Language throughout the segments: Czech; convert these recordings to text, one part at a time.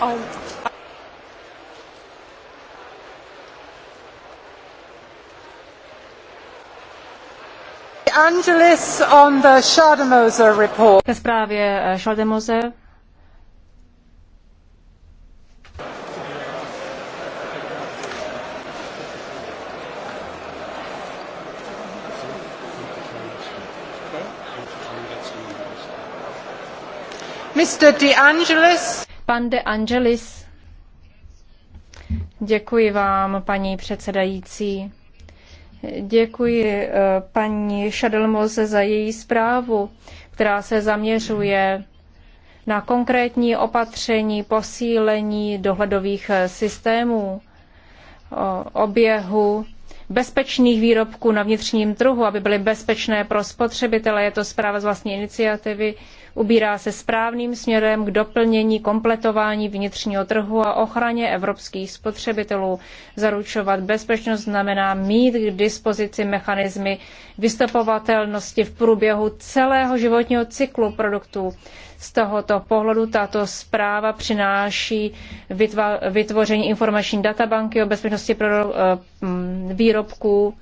I'm, Angelis on the Schademoser report. Ke zprávě eh, Schaldemose. Mr. De Angelis. Pan de Angelis. Děkuji vám, paní předsedající. Děkuji eh, paní Šadelmoze za její zprávu, která se zaměřuje na konkrétní opatření posílení dohledových eh, systémů, oběhu bezpečných výrobků na vnitřním trhu, aby byly bezpečné pro spotřebitele. Je to zpráva z vlastní iniciativy, ubírá se správným směrem k doplnění, kompletování vnitřního trhu a ochraně evropských spotřebitelů. Zaručovat bezpečnost znamená mít k dispozici mechanismy vystupovatelnosti v průběhu celého životního cyklu produktů. Z tohoto pohledu tato zpráva přináší vytvoření informační databanky o bezpečnosti pro eh, výrobků,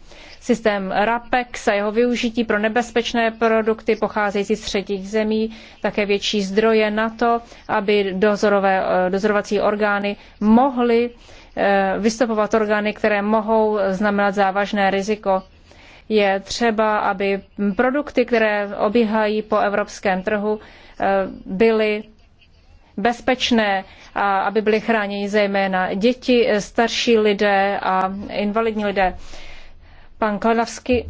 Systém RAPEX a jeho využití pro nebezpečné produkty pocházející z třetích zemí, také větší zdroje na to, aby dozorové, eh, dozorovací orgány mohly eh, vystupovat orgány, které mohou znamenat závažné riziko. Je třeba, aby produkty, které obíhají po evropském trhu, eh, byly bezpečné a aby byly chráněni zejména děti, starší lidé a invalidní lidé. Pan Kolavsky.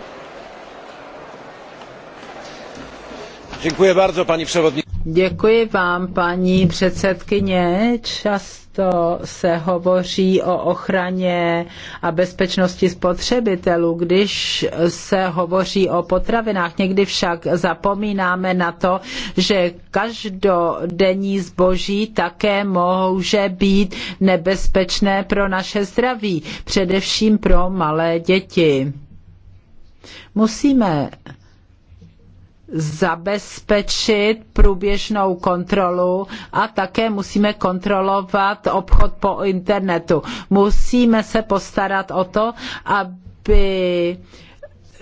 Děkuji bardzo, Děkuji vám, paní předsedkyně. Často se hovoří o ochraně a bezpečnosti spotřebitelů, když se hovoří o potravinách. Někdy však zapomínáme na to, že každodenní zboží také může být nebezpečné pro naše zdraví, především pro malé děti. Musíme zabezpečit průběžnou kontrolu a také musíme kontrolovat obchod po internetu. Musíme se postarat o to, aby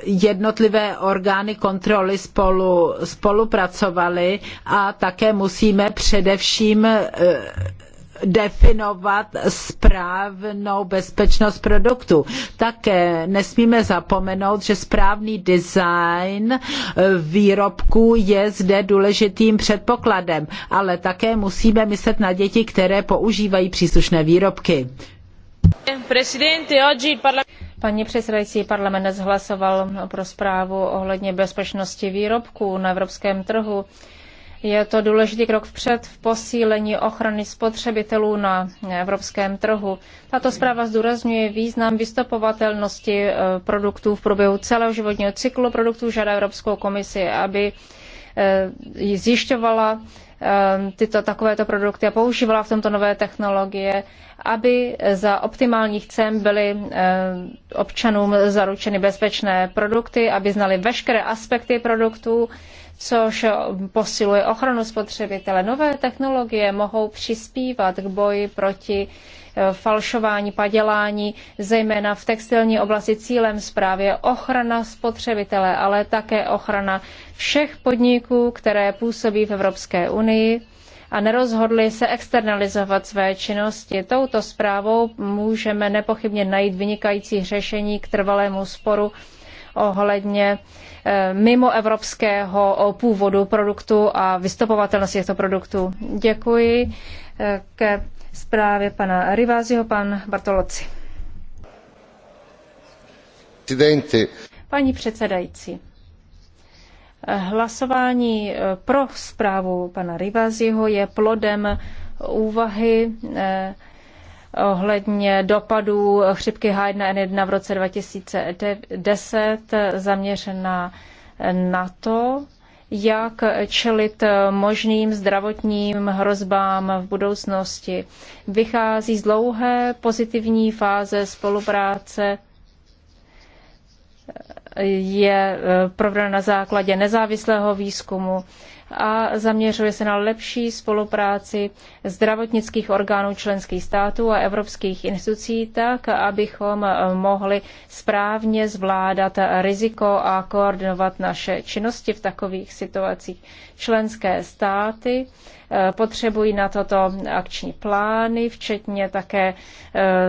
jednotlivé orgány kontroly spolu, spolupracovaly a také musíme především eh, definovat správnou bezpečnost produktu. Také nesmíme zapomenout, že správný design eh, výrobků je zde důležitým předpokladem, ale také musíme myslet na děti, které používají příslušné výrobky. Paní předsedající, parlament hlasoval pro zprávu ohledně bezpečnosti výrobků na evropském trhu. Je to důležitý krok vpřed v posílení ochrany spotřebitelů na evropském trhu. Tato zpráva zdůrazňuje význam vystupovatelnosti eh, produktů v průběhu celého životního cyklu produktů. Žádá Evropskou komisi, aby eh, zjišťovala eh, tyto takovéto produkty a používala v tomto nové technologie aby za optimálních cen byly eh, občanům zaručeny bezpečné produkty, aby znali veškeré aspekty produktů, což posiluje ochranu spotřebitele. Nové technologie mohou přispívat k boji proti eh, falšování, padělání, zejména v textilní oblasti cílem zprávy ochrana spotřebitele, ale také ochrana všech podniků, které působí v Evropské unii a nerozhodli se externalizovat své činnosti. Touto zprávou můžeme nepochybně najít vynikající řešení k trvalému sporu ohledně eh, mimo evropského původu produktu a vystupovatelnosti těchto produktů. Děkuji eh, ke zprávě pana Riváziho, pan Bartoloci. Paní předsedající, Hlasování eh, pro zprávu pana Rivaziho je plodem úvahy eh, ohledně dopadů chřipky H1N1 v roce 2010 zaměřená na to, jak čelit možným zdravotním hrozbám v budoucnosti. Vychází z dlouhé pozitivní fáze spolupráce je e, provedena na základě nezávislého výzkumu a zaměřuje se na lepší spolupráci zdravotnických orgánů členských států a evropských institucí tak, abychom e, mohli správně zvládat riziko a koordinovat naše činnosti v takových situacích. Členské státy e, potřebují na toto akční plány, včetně také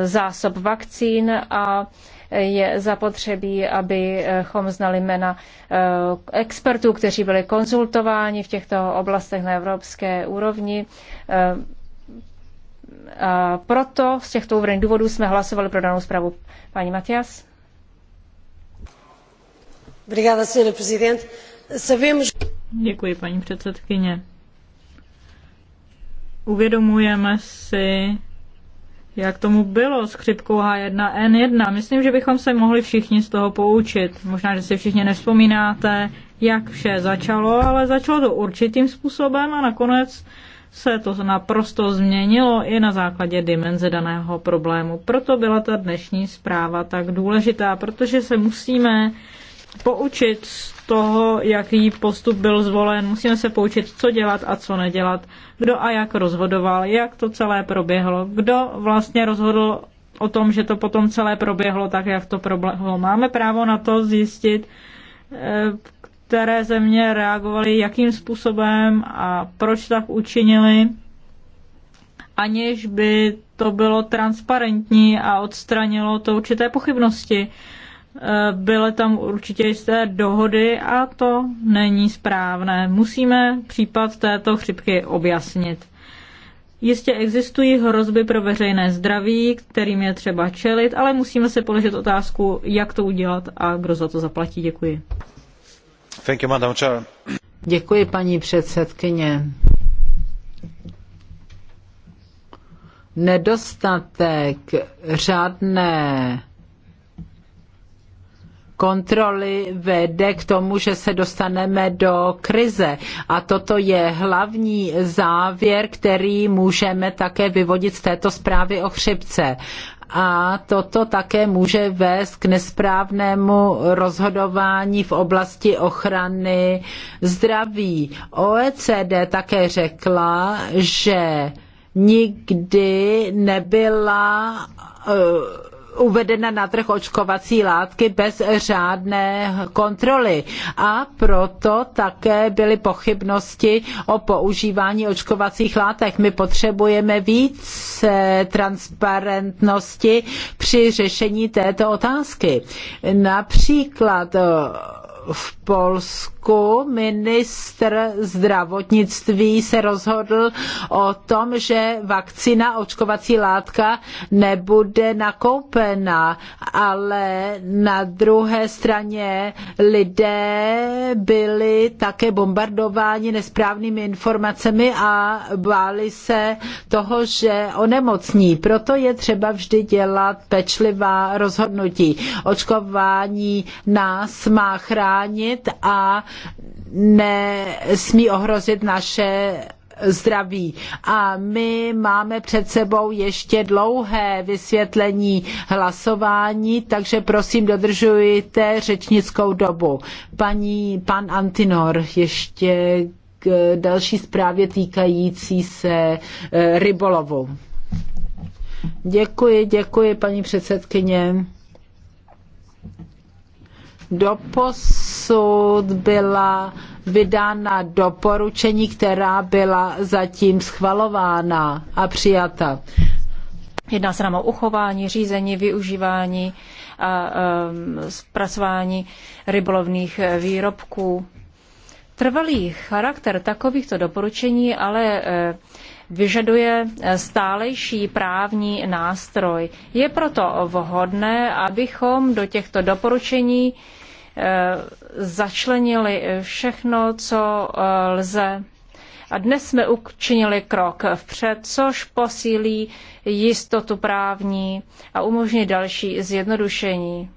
zásob vakcín a je zapotřebí, abychom znali jména eh, expertů, kteří byli konzultováni v těchto oblastech na evropské úrovni. Eh, a proto z těchto uvedených důvodů jsme hlasovali pro danou zprávu. Paní Matias. Děkuji, paní předsedkyně. Uvědomujeme si jak tomu bylo s chřipkou H1N1. Myslím, že bychom se mohli všichni z toho poučit. Možná, že si všichni nevzpomínáte, jak vše začalo, ale začalo to určitým způsobem a nakonec se to naprosto změnilo i na základě dimenze daného problému. Proto byla ta dnešní zpráva tak důležitá, protože se musíme poučit z toho, jaký postup byl zvolen. Musíme se poučit, co dělat a co nedělat. Kdo a jak rozhodoval, jak to celé proběhlo. Kdo vlastně rozhodl o tom, že to potom celé proběhlo tak, jak to proběhlo. Máme právo na to zjistit, eh, které země reagovaly, jakým způsobem a proč tak učinili, aniž by to bylo transparentní a odstranilo to určité pochybnosti byly tam určitě jisté dohody a to není správné. Musíme případ této chřipky objasnit. Jistě existují hrozby pro veřejné zdraví, kterým je třeba čelit, ale musíme se položit otázku, jak to udělat a kdo za to zaplatí. Děkuji. Thank you, Madam Chair. Děkuji, paní předsedkyně. Nedostatek řádné kontroly vede k tomu, že se dostaneme do krize. A toto je hlavní závěr, který můžeme také vyvodit z této zprávy o chřipce a toto také může vést k nesprávnému rozhodování v oblasti ochrany zdraví. OECD také řekla, že nikdy nebyla eh, uvedena na trh očkovací látky bez řádné kontroly. A proto také byly pochybnosti o používání očkovacích látek. My potřebujeme více transparentnosti při řešení této otázky. Například v Polsku roku ministr zdravotnictví se rozhodl o tom, že vakcína, očkovací látka nebude nakoupena, ale na druhé straně lidé byli také bombardováni nesprávnými informacemi a báli se toho, že onemocní. Proto je třeba vždy dělat pečlivá rozhodnutí. Očkování nás má chránit a nesmí ohrozit naše zdraví. A my máme před sebou ještě dlouhé vysvětlení hlasování, takže prosím dodržujte řečnickou dobu. Paní, pan Antinor, ještě k další zprávě týkající se e, rybolovu. Děkuji, děkuji, paní předsedkyně. Dopos dosud byla vydána doporučení, která byla zatím schvalována a přijata. Jedná se nám o uchování, řízení, využívání a um, zpracování rybolovných eh, výrobků. Trvalý charakter takovýchto doporučení ale eh, vyžaduje eh, stálejší právní nástroj. Je proto vhodné, abychom do těchto doporučení začlenili všechno, co eh, lze. A dnes jsme učinili krok vpřed, což posílí jistotu právní a umožní další zjednodušení.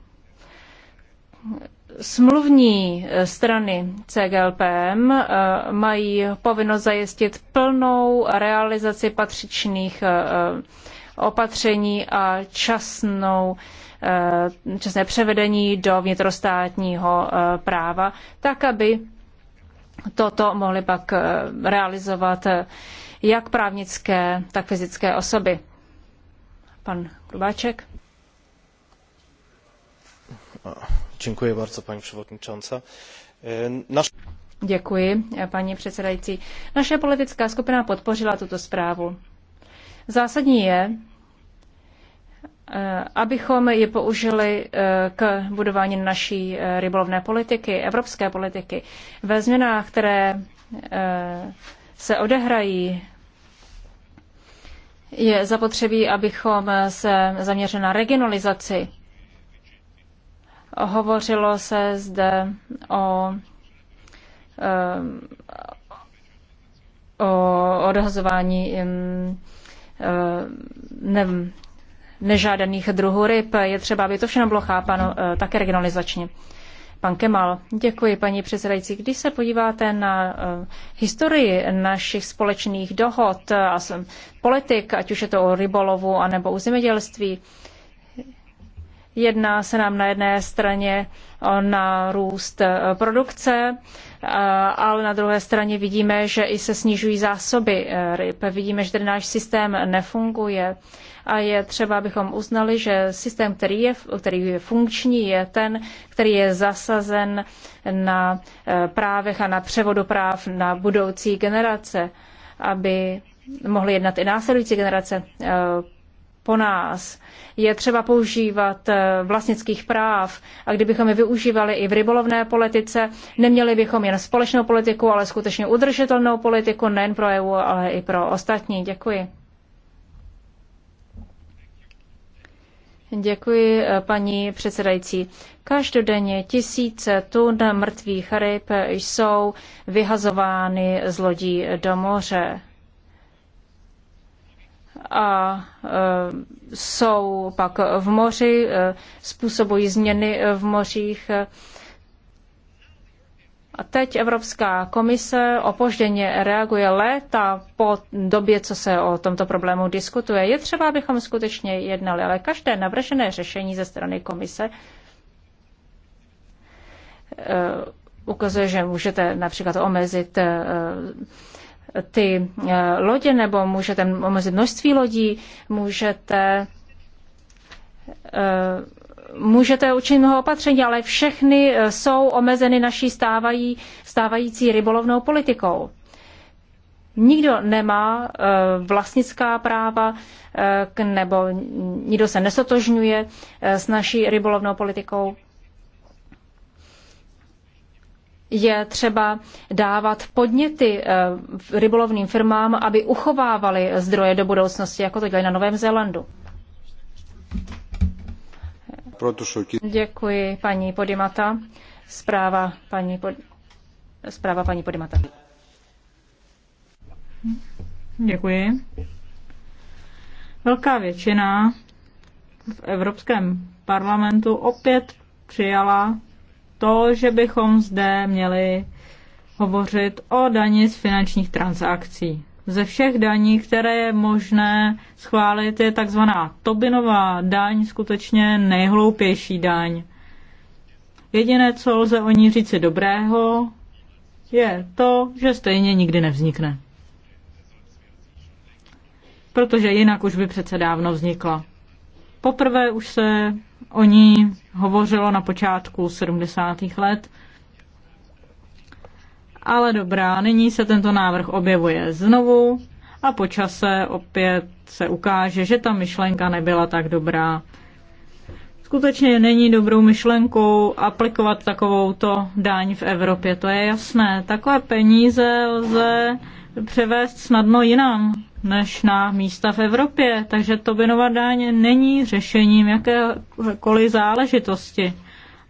Smluvní eh, strany CGLPM eh, mají povinnost zajistit plnou realizaci patřičných opatření a časnou časné eh, převedení do vnitrostátního eh, práva, tak aby toto mohly pak eh, realizovat jak právnické, tak fyzické osoby. Pan Grubáček. Děkuji bardzo, paní przewodnicząca. Naš... Děkuji, paní předsedající. Naše politická skupina podpořila tuto zprávu. Zásadní je, Eh, abychom je použili eh, k budování naší eh, rybolovné politiky, evropské politiky. Ve změnách, které se odehrají, je zapotřebí, abychom se zaměřili na regionalizaci. Hovořilo se zde o, o odhazování Nevím nežádaných druhů ryb. Je třeba, aby to všechno bylo chápano eh, také regionalizačně. Pan Kemal, děkuji paní předsedající. Když se podíváte na eh, historii našich společných dohod a politik, ať už je to o rybolovu anebo o zemědělství, Jedná se nám na jedné straně o nárůst eh, produkce, eh, ale na druhé straně vidíme, že i se snižují zásoby eh, ryb. Vidíme, že ten náš systém nefunguje a je třeba, abychom uznali, že systém, který je, který je funkční, je ten, který je zasazen na právech a na převodu práv na budoucí generace, aby mohly jednat i následující generace po nás. Je třeba používat eh, vlastnických práv a kdybychom je využívali i v rybolovné politice, neměli bychom jen společnou politiku, ale skutečně udržitelnou politiku, nejen pro EU, ale i pro ostatní. Děkuji. Děkuji, eh, paní předsedající. Každodenně tisíce tun mrtvých ryb jsou vyhazovány z lodí do moře a e, jsou pak v moři, e, způsobují změny v mořích. A teď Evropská komise opožděně reaguje léta po době, co se o tomto problému diskutuje. Je třeba, abychom skutečně jednali, ale každé navržené řešení ze strany komise e, ukazuje, že můžete například omezit ty eh, lodě, nebo můžete omezit množství lodí, můžete eh, můžete učinit mnoho opatření, ale všechny eh, jsou omezeny naší stávají, stávající rybolovnou politikou. Nikdo nemá vlastnická práva nebo nikdo se nesotožňuje s naší rybolovnou politikou je třeba dávat podněty eh, rybolovným firmám, aby uchovávali zdroje do budoucnosti, jako to dělají na Novém Zélandu. Děkuji, paní Podimata. Zpráva paní, pod... Zpráva paní Podimata. Děkuji. Velká většina v Evropském parlamentu opět přijala to, že bychom zde měli hovořit o dani z finančních transakcí. Ze všech daní, které je možné schválit, je takzvaná Tobinová daň skutečně nejhloupější daň. Jediné, co lze o ní říci dobrého, je to, že stejně nikdy nevznikne. Protože jinak už by přece dávno vznikla. Poprvé už se o ní hovořilo na počátku 70. let. Ale dobrá, nyní se tento návrh objevuje znovu a po čase opět se ukáže, že ta myšlenka nebyla tak dobrá. Skutečně není dobrou myšlenkou aplikovat takovouto daň v Evropě, to je jasné. Takové peníze lze převést snadno jinam než na místa v Evropě, takže Tobinova daň není řešením jakékoliv záležitosti.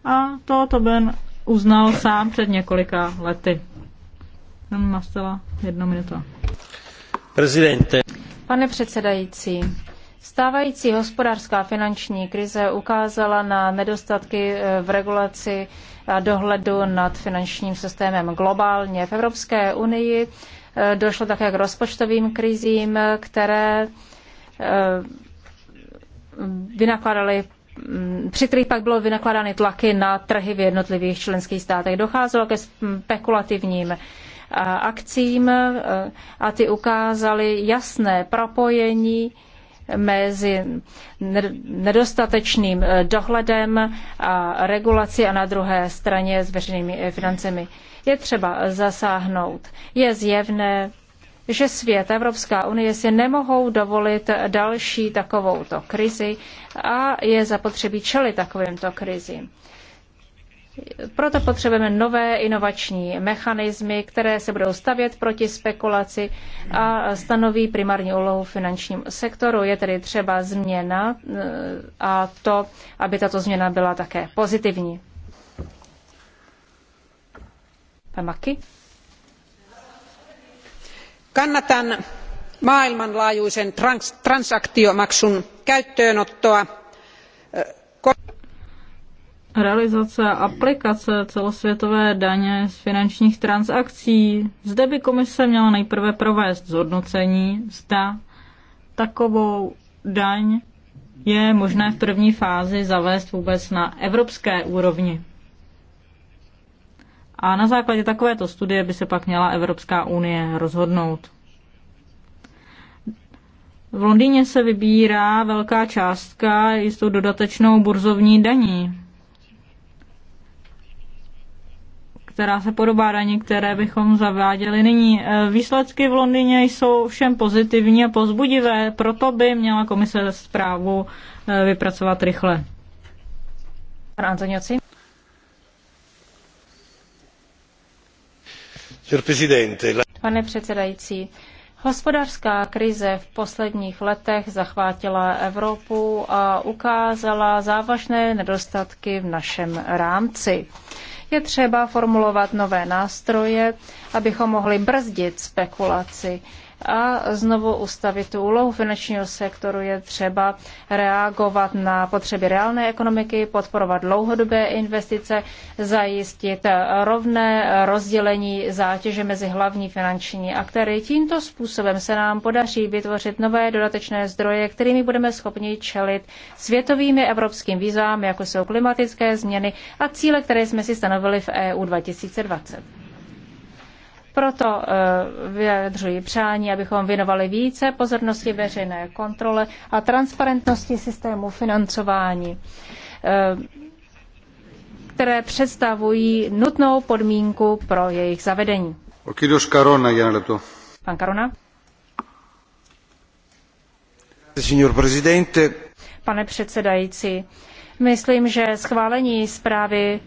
A to Tobin uznal sám před několika lety. Jenom nastala jedna minuta. Prezidente. Pane předsedající, Stávající hospodářská finanční krize ukázala na nedostatky eh, v regulaci a dohledu nad finančním systémem globálně. V Evropské unii Eh, došlo také k rozpočtovým krizím, které eh, vynakladaly mm, při kterých pak bylo vynakladány tlaky na trhy v jednotlivých členských státech. Docházelo ke spekulativním eh, akcím a ty ukázaly jasné propojení mezi nedostatečným eh, dohledem a regulací a na druhé straně s veřejnými eh, financemi. Je třeba zasáhnout. Je zjevné, že svět, Evropská unie si nemohou dovolit další takovouto krizi a je zapotřebí čelit takovýmto krizím. Proto potřebujeme nové inovační mechanismy, které se budou stavět proti spekulaci a stanoví primární úlohu finančnímu sektoru. Je tedy třeba změna eh, a to, aby tato změna byla také pozitivní. Pan Maki. Kannatan maailmanlaajuisen trans- transaktiomaksun käyttöönottoa. Eh, realizace a aplikace celosvětové daně z finančních transakcí. Zde by komise měla nejprve provést zhodnocení, zda takovou daň je možné v první fázi zavést vůbec na evropské úrovni. A na základě takovéto studie by se pak měla Evropská unie rozhodnout. V Londýně se vybírá velká částka jistou dodatečnou burzovní daní. která se podobá daní, které bychom zaváděli nyní. E, výsledky v Londýně jsou všem pozitivní a pozbudivé, proto by měla komise zprávu e, vypracovat rychle. Pan Antonioci. Pane předsedající, Hospodářská krize v posledních letech zachvátila Evropu a ukázala závažné nedostatky v našem rámci. Je třeba formulovat nové nástroje, abychom mohli brzdit spekulaci a znovu ustavit tu úlohu finančního sektoru. Je třeba reagovat na potřeby reálné ekonomiky, podporovat dlouhodobé investice, zajistit rovné rozdělení zátěže mezi hlavní finanční aktéry. Tímto způsobem se nám podaří vytvořit nové dodatečné zdroje, kterými budeme schopni čelit světovými evropským výzvám, jako jsou klimatické změny a cíle, které jsme si stanovili v EU 2020. Proto eh, vyjadřuji přání, abychom věnovali více pozornosti veřejné kontrole a transparentnosti systému financování, eh, které představují nutnou podmínku pro jejich zavedení. Pan Karona. Pane předsedající, myslím, že schválení zprávy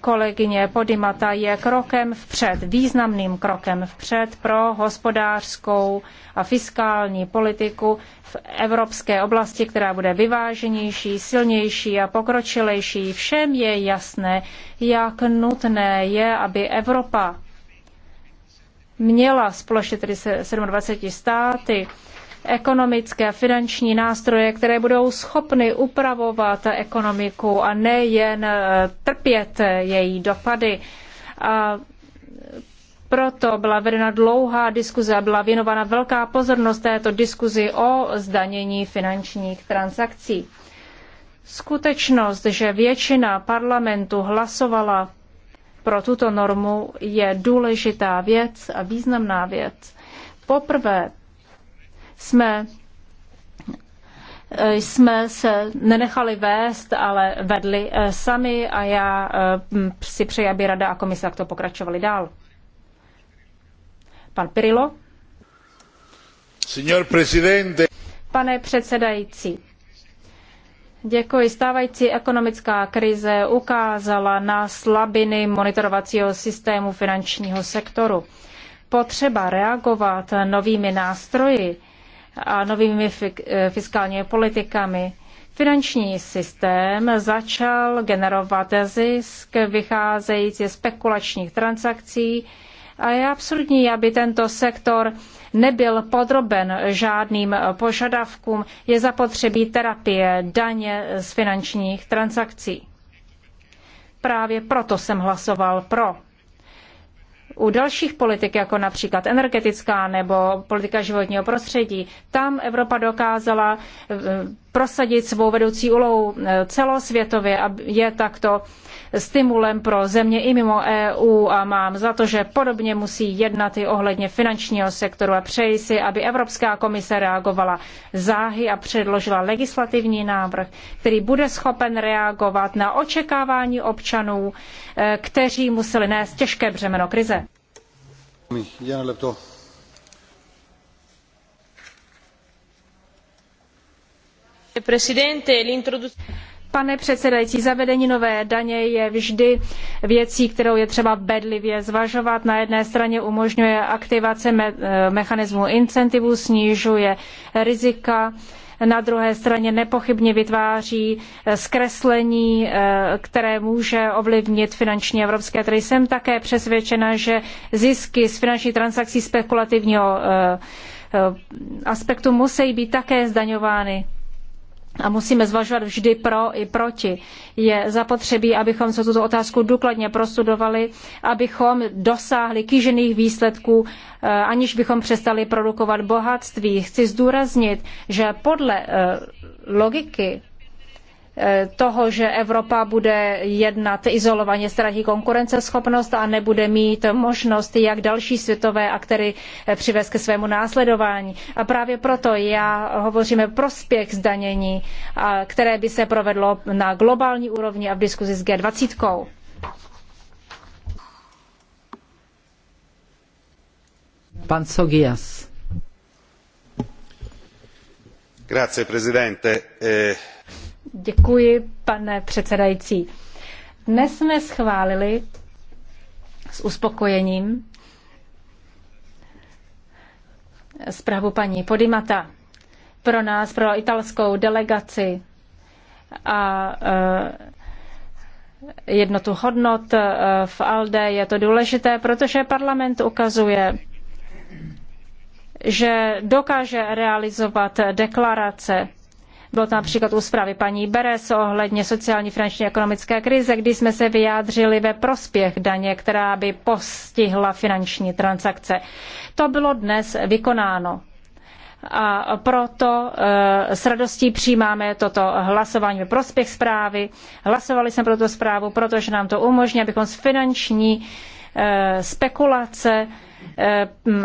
kolegyně Podimata je krokem vpřed, významným krokem vpřed pro hospodářskou a fiskální politiku v evropské oblasti, která bude vyváženější, silnější a pokročilejší. Všem je jasné, jak nutné je, aby Evropa měla společně tedy 27 státy ekonomické a finanční nástroje, které budou schopny upravovat ekonomiku a nejen eh, trpět její dopady. A proto byla vedena dlouhá diskuze a byla věnována velká pozornost této diskuzi o zdanění finančních transakcí. Skutečnost, že většina parlamentu hlasovala pro tuto normu, je důležitá věc a významná věc. Poprvé jsme eh, jsme se nenechali vést, ale vedli eh, sami a já eh, si přeji, aby rada a komise to pokračovali dál. Pan Pirilo. Signor presidente. Pane předsedající, Děkuji. Stávající ekonomická krize ukázala na slabiny monitorovacího systému finančního sektoru. Potřeba reagovat novými nástroji a novými eh, fiskálními politikami. Finanční systém začal generovat zisk vycházející ze spekulačních transakcí a je absurdní, aby tento sektor nebyl podroben žádným požadavkům. Je zapotřebí terapie daně z finančních transakcí. Právě proto jsem hlasoval pro u dalších politik, jako například energetická nebo politika životního prostředí, tam Evropa dokázala eh, prosadit svou vedoucí úlohu eh, celosvětově a je takto stimulem pro země i mimo EU a mám za to, že podobně musí jednat i ohledně finančního sektoru a přeji si, aby Evropská komise reagovala záhy a předložila legislativní návrh, který bude schopen reagovat na očekávání občanů, eh, kteří museli nést těžké břemeno krize. Pane předsedající, zavedení nové daně je vždy věcí, kterou je třeba bedlivě zvažovat. Na jedné straně umožňuje aktivaci mechanismu incentivů, snižuje rizika, na druhé straně nepochybně vytváří eh, zkreslení, eh, které může ovlivnit finanční evropské trhy. Jsem také přesvědčena, že zisky z finančních transakcí spekulativního eh, aspektu musí být také zdaňovány a musíme zvažovat vždy pro i proti. Je zapotřebí, abychom se tuto otázku důkladně prostudovali, abychom dosáhli kýžených výsledků, eh, aniž bychom přestali produkovat bohatství. Chci zdůraznit, že podle eh, logiky Eh, toho, že Evropa bude jednat izolovaně, ztratí konkurenceschopnost a nebude mít možnost, jak další světové aktéry eh, přivést ke svému následování. A právě proto já hovoříme prospěch zdanění, které by se provedlo na globální úrovni a v diskuzi s G20. Pan Sogias. Grazie, presidente. Eh... Děkuji, pane předsedající. Dnes jsme schválili s uspokojením zprávu paní Podimata pro nás, pro italskou delegaci a eh, jednotu hodnot eh, v ALDE je to důležité, protože parlament ukazuje, že dokáže realizovat deklarace bylo to například u zprávy paní Beres ohledně sociální, finanční, ekonomické krize, kdy jsme se vyjádřili ve prospěch daně, která by postihla finanční transakce. To bylo dnes vykonáno. A proto eh, s radostí přijímáme toto hlasování ve prospěch zprávy. Hlasovali jsme pro tuto zprávu, protože nám to umožní, abychom z finanční eh, spekulace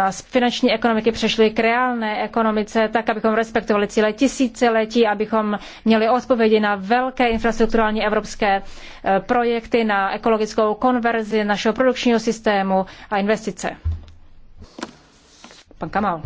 z eh, finanční ekonomiky přešli k reálné ekonomice, tak abychom respektovali cíle tisíciletí, abychom měli odpovědi na velké infrastrukturální evropské eh, projekty, na ekologickou konverzi našeho produkčního systému a investice. Pan Kamal.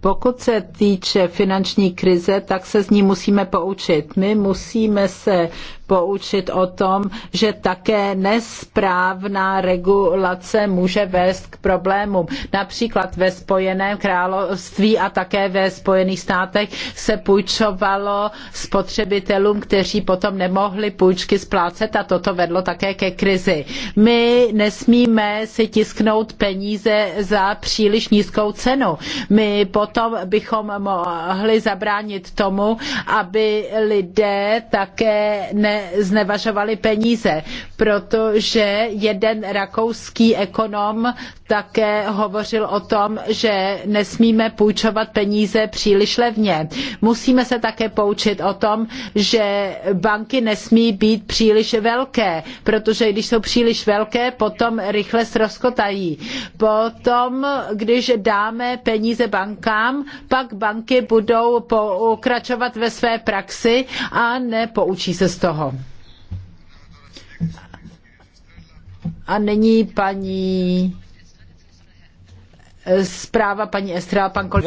Pokud se týče finanční krize, tak se z ní musíme poučit. My musíme se poučit o tom, že také nesprávná regulace může vést k problémům. Například ve Spojeném království a také ve Spojených státech se půjčovalo spotřebitelům, kteří potom nemohli půjčky splácet a toto vedlo také ke krizi. My nesmíme si tisknout peníze za příliš nízkou cenu. My potom bychom mohli zabránit tomu, aby lidé také ne znevažovali peníze, protože jeden rakouský ekonom také hovořil o tom, že nesmíme půjčovat peníze příliš levně. Musíme se také poučit o tom, že banky nesmí být příliš velké, protože když jsou příliš velké, potom rychle sroskotají. Potom, když dáme peníze bankám, pak banky budou pokračovat ve své praxi a nepoučí se z toho. A nyní paní eh, zpráva paní Estra, pan kol...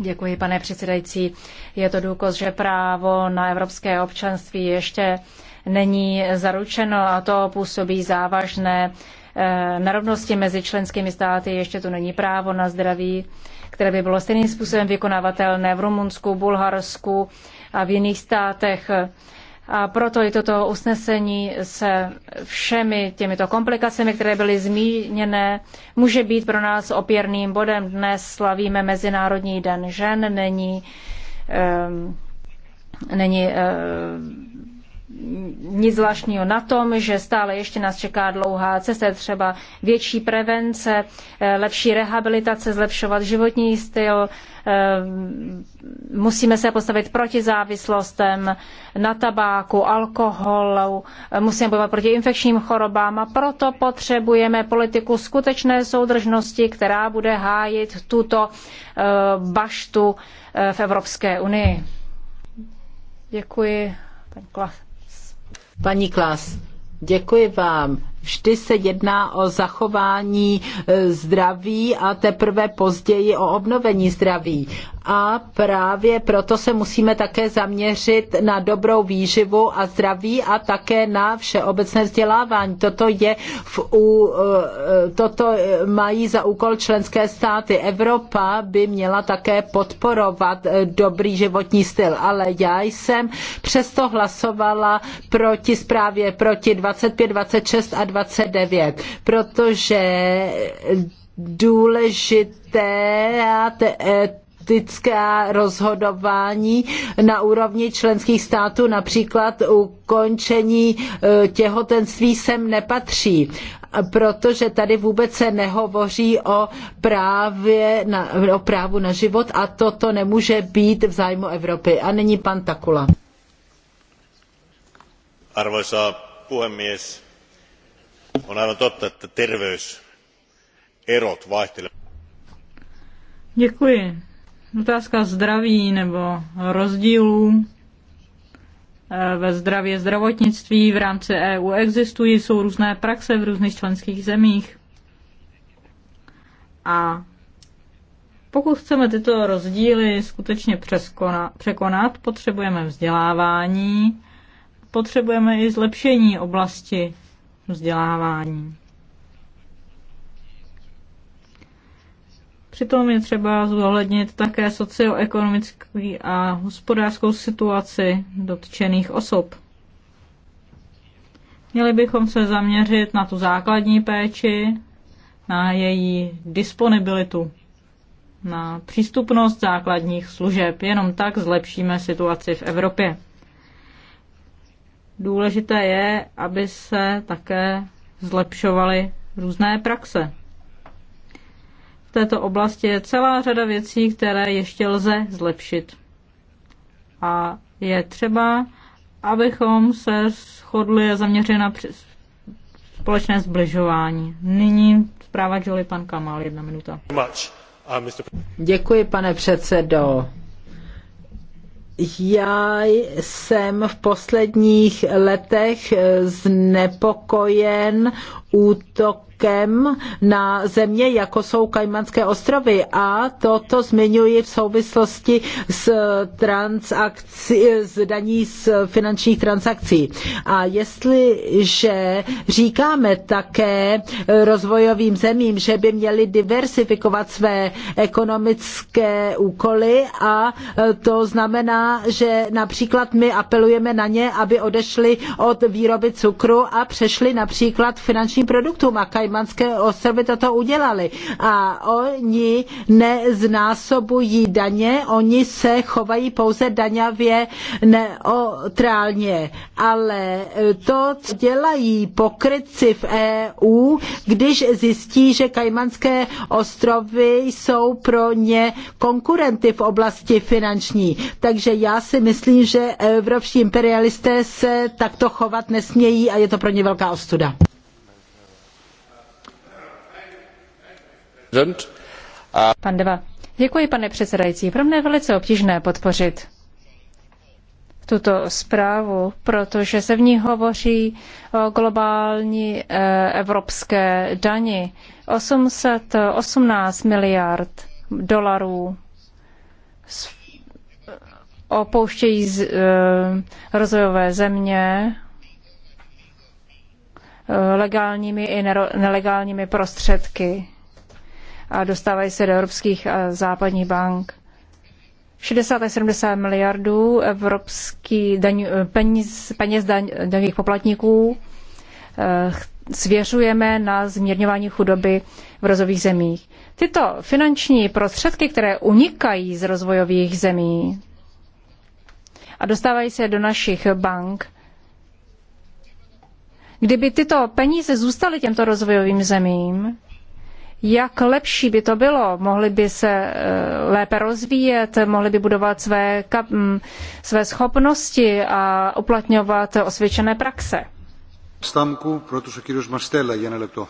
Děkuji, pane předsedající. Je to důkaz, že právo na evropské občanství ještě není zaručeno a to působí závažné eh, nerovnosti mezi členskými státy. Ještě to není právo na zdraví, které by bylo stejným způsobem vykonávatelné v Rumunsku, Bulharsku a v jiných státech. A proto i toto usnesení se všemi těmito komplikacemi, které byly zmíněné, může být pro nás opěrným bodem. Dnes slavíme Mezinárodní den žen, není, um, není um, nic zvláštního na tom, že stále ještě nás čeká dlouhá cesta, třeba větší prevence, eh, lepší rehabilitace, zlepšovat životní styl, eh, musíme se postavit proti závislostem na tabáku, alkoholu, eh, musíme bojovat proti infekčním chorobám a proto potřebujeme politiku skutečné soudržnosti, která bude hájit tuto baštu v Evropské unii. Děkuji, paní Klach. Paní Klas, děkuji vám vždy se jedná o zachování e, zdraví a teprve později o obnovení zdraví. A právě proto se musíme také zaměřit na dobrou výživu a zdraví a také na všeobecné vzdělávání. Toto, je v, u, e, e, toto mají za úkol členské státy. Evropa by měla také podporovat dobrý životní styl, ale já jsem přesto hlasovala proti zprávě proti 25, 26 a 29, protože důležité politická rozhodování na úrovni členských států, například ukončení e, těhotenství sem nepatří protože tady vůbec se nehovoří o, právě na, o právu na život a toto nemůže být v zájmu Evropy. A nyní pan Takula. Arvoisa puhemies, on aivan totta että terveyserot vaihtelevat. Děkuji. Otázka zdraví nebo rozdílů eh, ve zdravě zdravotnictví v rámci EU existují, jsou různé praxe v různých členských zemích. A pokud chceme tyto rozdíly skutečně překonat, potřebujeme vzdělávání, potřebujeme i zlepšení oblasti vzdělávání. Přitom je třeba zohlednit také socioekonomickou a hospodářskou situaci dotčených osob. Měli bychom se zaměřit na tu základní péči, na její disponibilitu, na přístupnost základních služeb. Jenom tak zlepšíme situaci v Evropě důležité je, aby se také zlepšovaly různé praxe. V této oblasti je celá řada věcí, které ještě lze zlepšit. A je třeba, abychom se shodli a zaměřili na společné zbližování. Nyní zpráva Jolly pan Kamal, jedna minuta. Uh, Děkuji, pane předsedo. Já jsem v posledních letech znepokojen útok tlakem na země, jako jsou Kajmanské ostrovy. A toto zmiňuji v souvislosti s, transakcí, s daní z finančních transakcí. A jestliže říkáme také rozvojovým zemím, že by měli diversifikovat své ekonomické úkoly a to znamená, že například my apelujeme na ně, aby odešli od výroby cukru a přešli například finančním produktům. A Kajmanské ostrovy toto udělali. A oni neznásobují daně, oni se chovají pouze daňavě neotrálně. Ale to, co dělají pokrytci v EU, když zjistí, že Kajmanské ostrovy jsou pro ně konkurenty v oblasti finanční. Takže já si myslím, že evropští imperialisté se takto chovat nesmějí a je to pro ně velká ostuda. Děkuji, pane předsedající. Pro mě je velice obtížné podpořit tuto zprávu, protože se v ní hovoří o globální eh, evropské dani. 818 miliard dolarů opouštějí z, eh, rozvojové země eh, legálními i nelegálními prostředky a dostávají se do evropských a eh, západních bank. 60 až 70 miliardů evropský daň, eh, peněz, peněz daňových poplatníků eh, svěřujeme na zmírňování chudoby v rozových zemích. Tyto finanční prostředky, které unikají z rozvojových zemí a dostávají se do našich bank, kdyby tyto peníze zůstaly těmto rozvojovým zemím, jak lepší by to bylo. Mohli by se eh, lépe rozvíjet, mohli by budovat své, mm, své schopnosti a uplatňovat osvědčené praxe. Stamku, protože kýroš Mastela, jen lepto.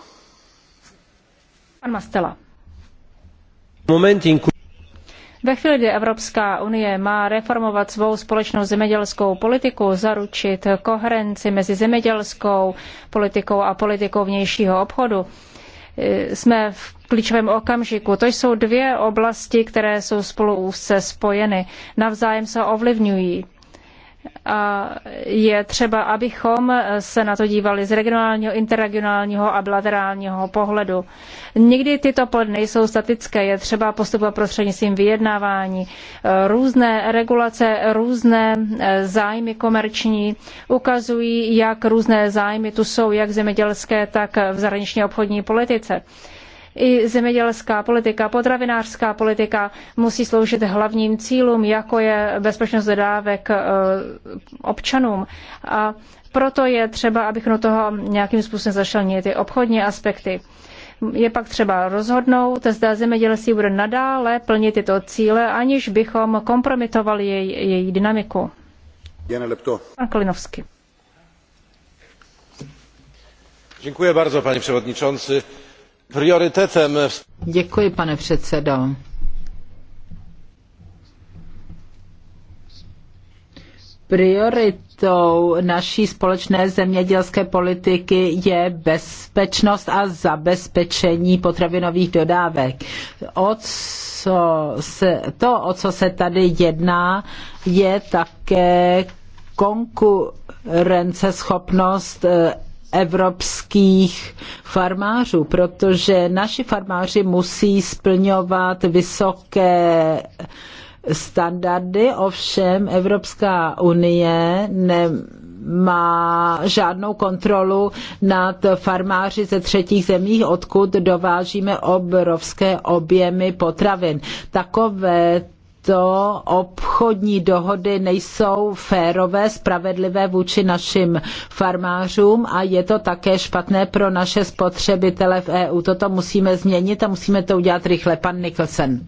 Pan Mastela. ve chvíli, kdy Evropská unie má reformovat svou společnou zemědělskou politiku, zaručit koherenci mezi zemědělskou politikou a politikou vnějšího obchodu, Eh, jsme v klíčovém okamžiku. To jsou dvě oblasti, které jsou spolu úzce spojeny. Navzájem se ovlivňují. A je třeba, abychom se na to dívali z regionálního, interregionálního a bilaterálního pohledu. Nikdy tyto pohledy nejsou statické, je třeba postupovat prostřednictvím vyjednávání. Různé regulace, různé eh, zájmy komerční ukazují, jak různé zájmy tu jsou, jak v zemědělské, tak v zahraniční obchodní politice. I zemědělská politika, potravinářská politika musí sloužit hlavním cílům, jako je bezpečnost dodávek eh, občanům. A proto je třeba, abych do toho nějakým způsobem zašelnili ty obchodní aspekty. Je pak třeba rozhodnout, zda zemědělství bude nadále plnit tyto cíle, aniž bychom kompromitovali jej, její dynamiku. Pan Kalinovský. Dziękuję bardzo, panie przewodniczący. Prioritetem... Děkuji, pane předsedo. prioritou naší společné zemědělské politiky je bezpečnost a zabezpečení potravinových dodávek. O co se, to, o co se tady jedná, je také konkurenceschopnost eh, evropských farmářů, protože naši farmáři musí splňovat vysoké standardy, ovšem Evropská unie nemá žádnou kontrolu nad farmáři ze třetích zemí, odkud dovážíme obrovské objemy potravin. Takové tyto obchodní dohody nejsou férové, spravedlivé vůči našim farmářům a je to také špatné pro naše spotřebitele v EU. Toto musíme změnit a musíme to udělat rychle. Pan Nicholson.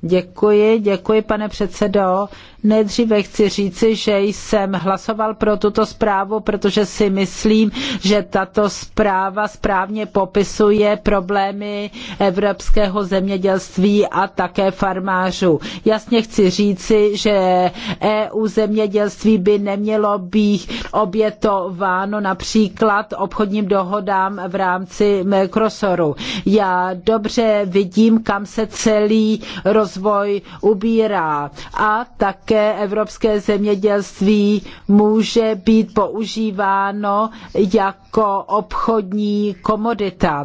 Děkuji, děkuji, pane předsedo. Nejdříve chci říci, že jsem hlasoval pro tuto zprávu, protože si myslím, že tato zpráva správně popisuje problémy evropského zemědělství a také farmářů. Jasně chci říci, že EU zemědělství by nemělo být obětováno například obchodním dohodám v rámci Mercosuru. Já dobře vidím, kam se celý rozvoj ubírá a také také evropské zemědělství může být používáno jako obchodní komodita.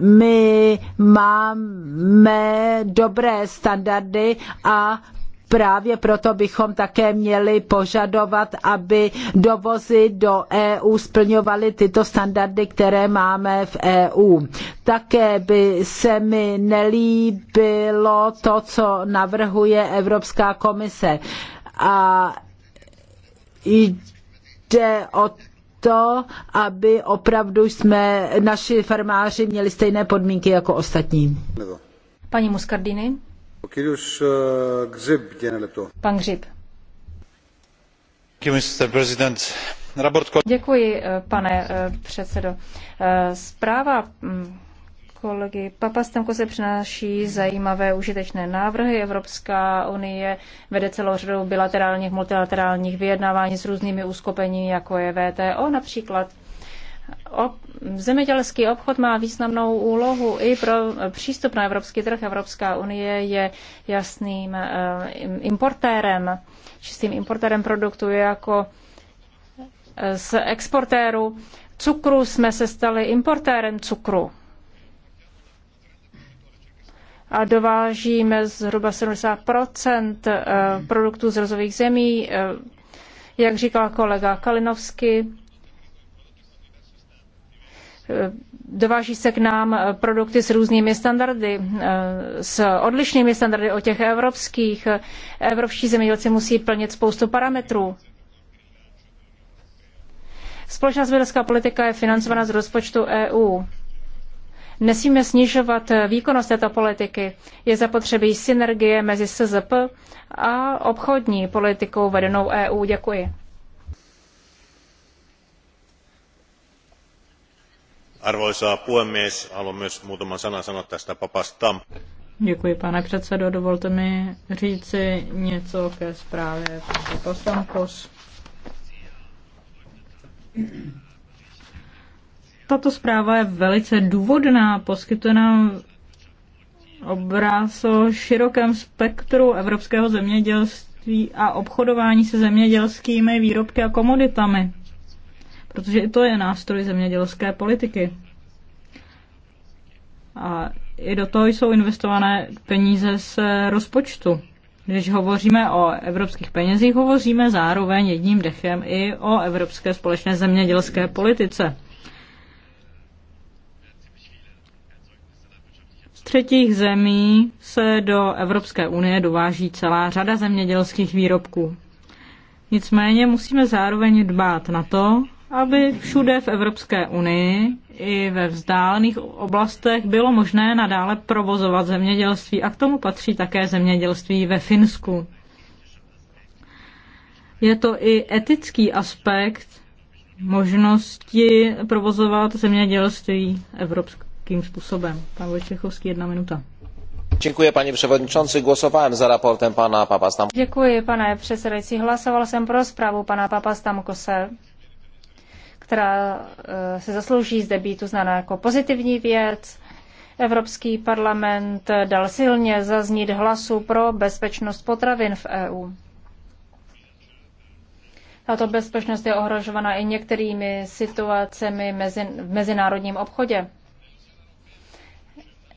My máme dobré standardy a Právě proto bychom také měli požadovat, aby dovozy do EU splňovaly tyto standardy, které máme v EU. Také by se mi nelíbilo to, co navrhuje Evropská komise. A jde o to, aby opravdu jsme naši farmáři měli stejné podmínky jako ostatní. Paní Muscardini. Děkuji, eh, pane eh, předsedo. Eh, zpráva mm, kolegy Papastamko se přináší zajímavé užitečné návrhy. Evropská unie vede celou řadu bilaterálních, multilaterálních vyjednávání s různými úskopeními, jako je VTO například ob, zemědělský obchod má významnou úlohu i pro přístup na evropský trh. Evropská unie je jasným eh, importérem, čistým importérem produktů jako eh, z exportéru cukru jsme se stali importérem cukru. A dovážíme zhruba 70 eh, produktů z rozových zemí, jak říkal kolega Kalinovsky, Dováží se k nám produkty s různými standardy, eh, s odlišnými standardy od těch evropských. Evropští zemědělci musí plnit spoustu parametrů. Společná zemědělská politika je financována z rozpočtu EU. Nesmíme snižovat výkonnost této politiky. Je zapotřebí synergie mezi SZP a obchodní politikou vedenou EU. Děkuji. Arvoisa puhemies, haluan myös muutaman sanan sanoa tästä papasta. Děkuji, pane předsedo. Dovolte mi říci něco ke zprávě Papastankos. Tato zpráva je velice důvodná, poskytuje nám obraz o širokém spektru evropského zemědělství a obchodování se zemědělskými výrobky a komoditami protože i to je nástroj zemědělské politiky. A i do toho jsou investované peníze z rozpočtu. Když hovoříme o evropských penězích, hovoříme zároveň jedním dechem i o evropské společné zemědělské politice. Z třetích zemí se do Evropské unie dováží celá řada zemědělských výrobků. Nicméně musíme zároveň dbát na to, aby všude v Evropské unii i ve vzdálených oblastech bylo možné nadále provozovat zemědělství a k tomu patří také zemědělství ve Finsku. Je to i etický aspekt možnosti provozovat zemědělství evropským způsobem. Pan Vojtěchovský, jedna minuta. Děkuji, paní předsedající. Hlasovám za raportem pana Papastamkose. Děkuji, pane předsedající. Hlasoval jsem pro zprávu pana Papastamkose která eh, se zaslouží zde být uznána jako pozitivní věc. Evropský parlament dal silně zaznít hlasu pro bezpečnost potravin v EU. Tato bezpečnost je ohrožována i některými situacemi mezi, v mezinárodním obchodě.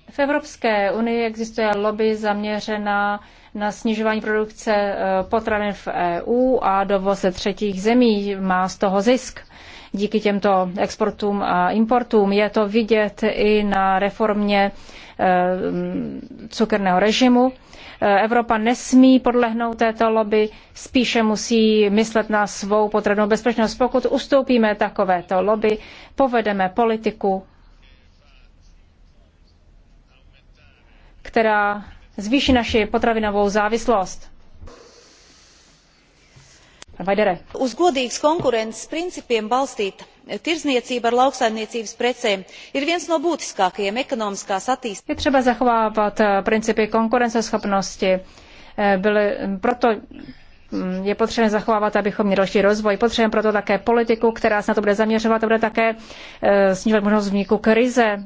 V Evropské unii existuje lobby zaměřená na snižování produkce eh, potravin v EU a dovoz ze třetích zemí má z toho zisk díky těmto exportům a importům. Je to vidět i na reformě eh, cukerného režimu. Eh, Evropa nesmí podlehnout této lobby, spíše musí myslet na svou potřebnou bezpečnost. Pokud ustoupíme takovéto lobby, povedeme politiku, která zvýší naši potravinovou závislost. Vaidere. Uz godīgas konkurences principiem balstīta eh, tirzniecība ar lauksaimniecības precēm ir viens no būtiskākajiem ekonomiskās attīstības. Je třeba zachovávat eh, principy konkurenceschopnosti. Eh, hm, proto hm, je potřeba zachovávat, abychom měli další rozvoj. Potřebujeme proto také politiku, která se na to bude zaměřovat a bude také snižovat možnost vzniku krize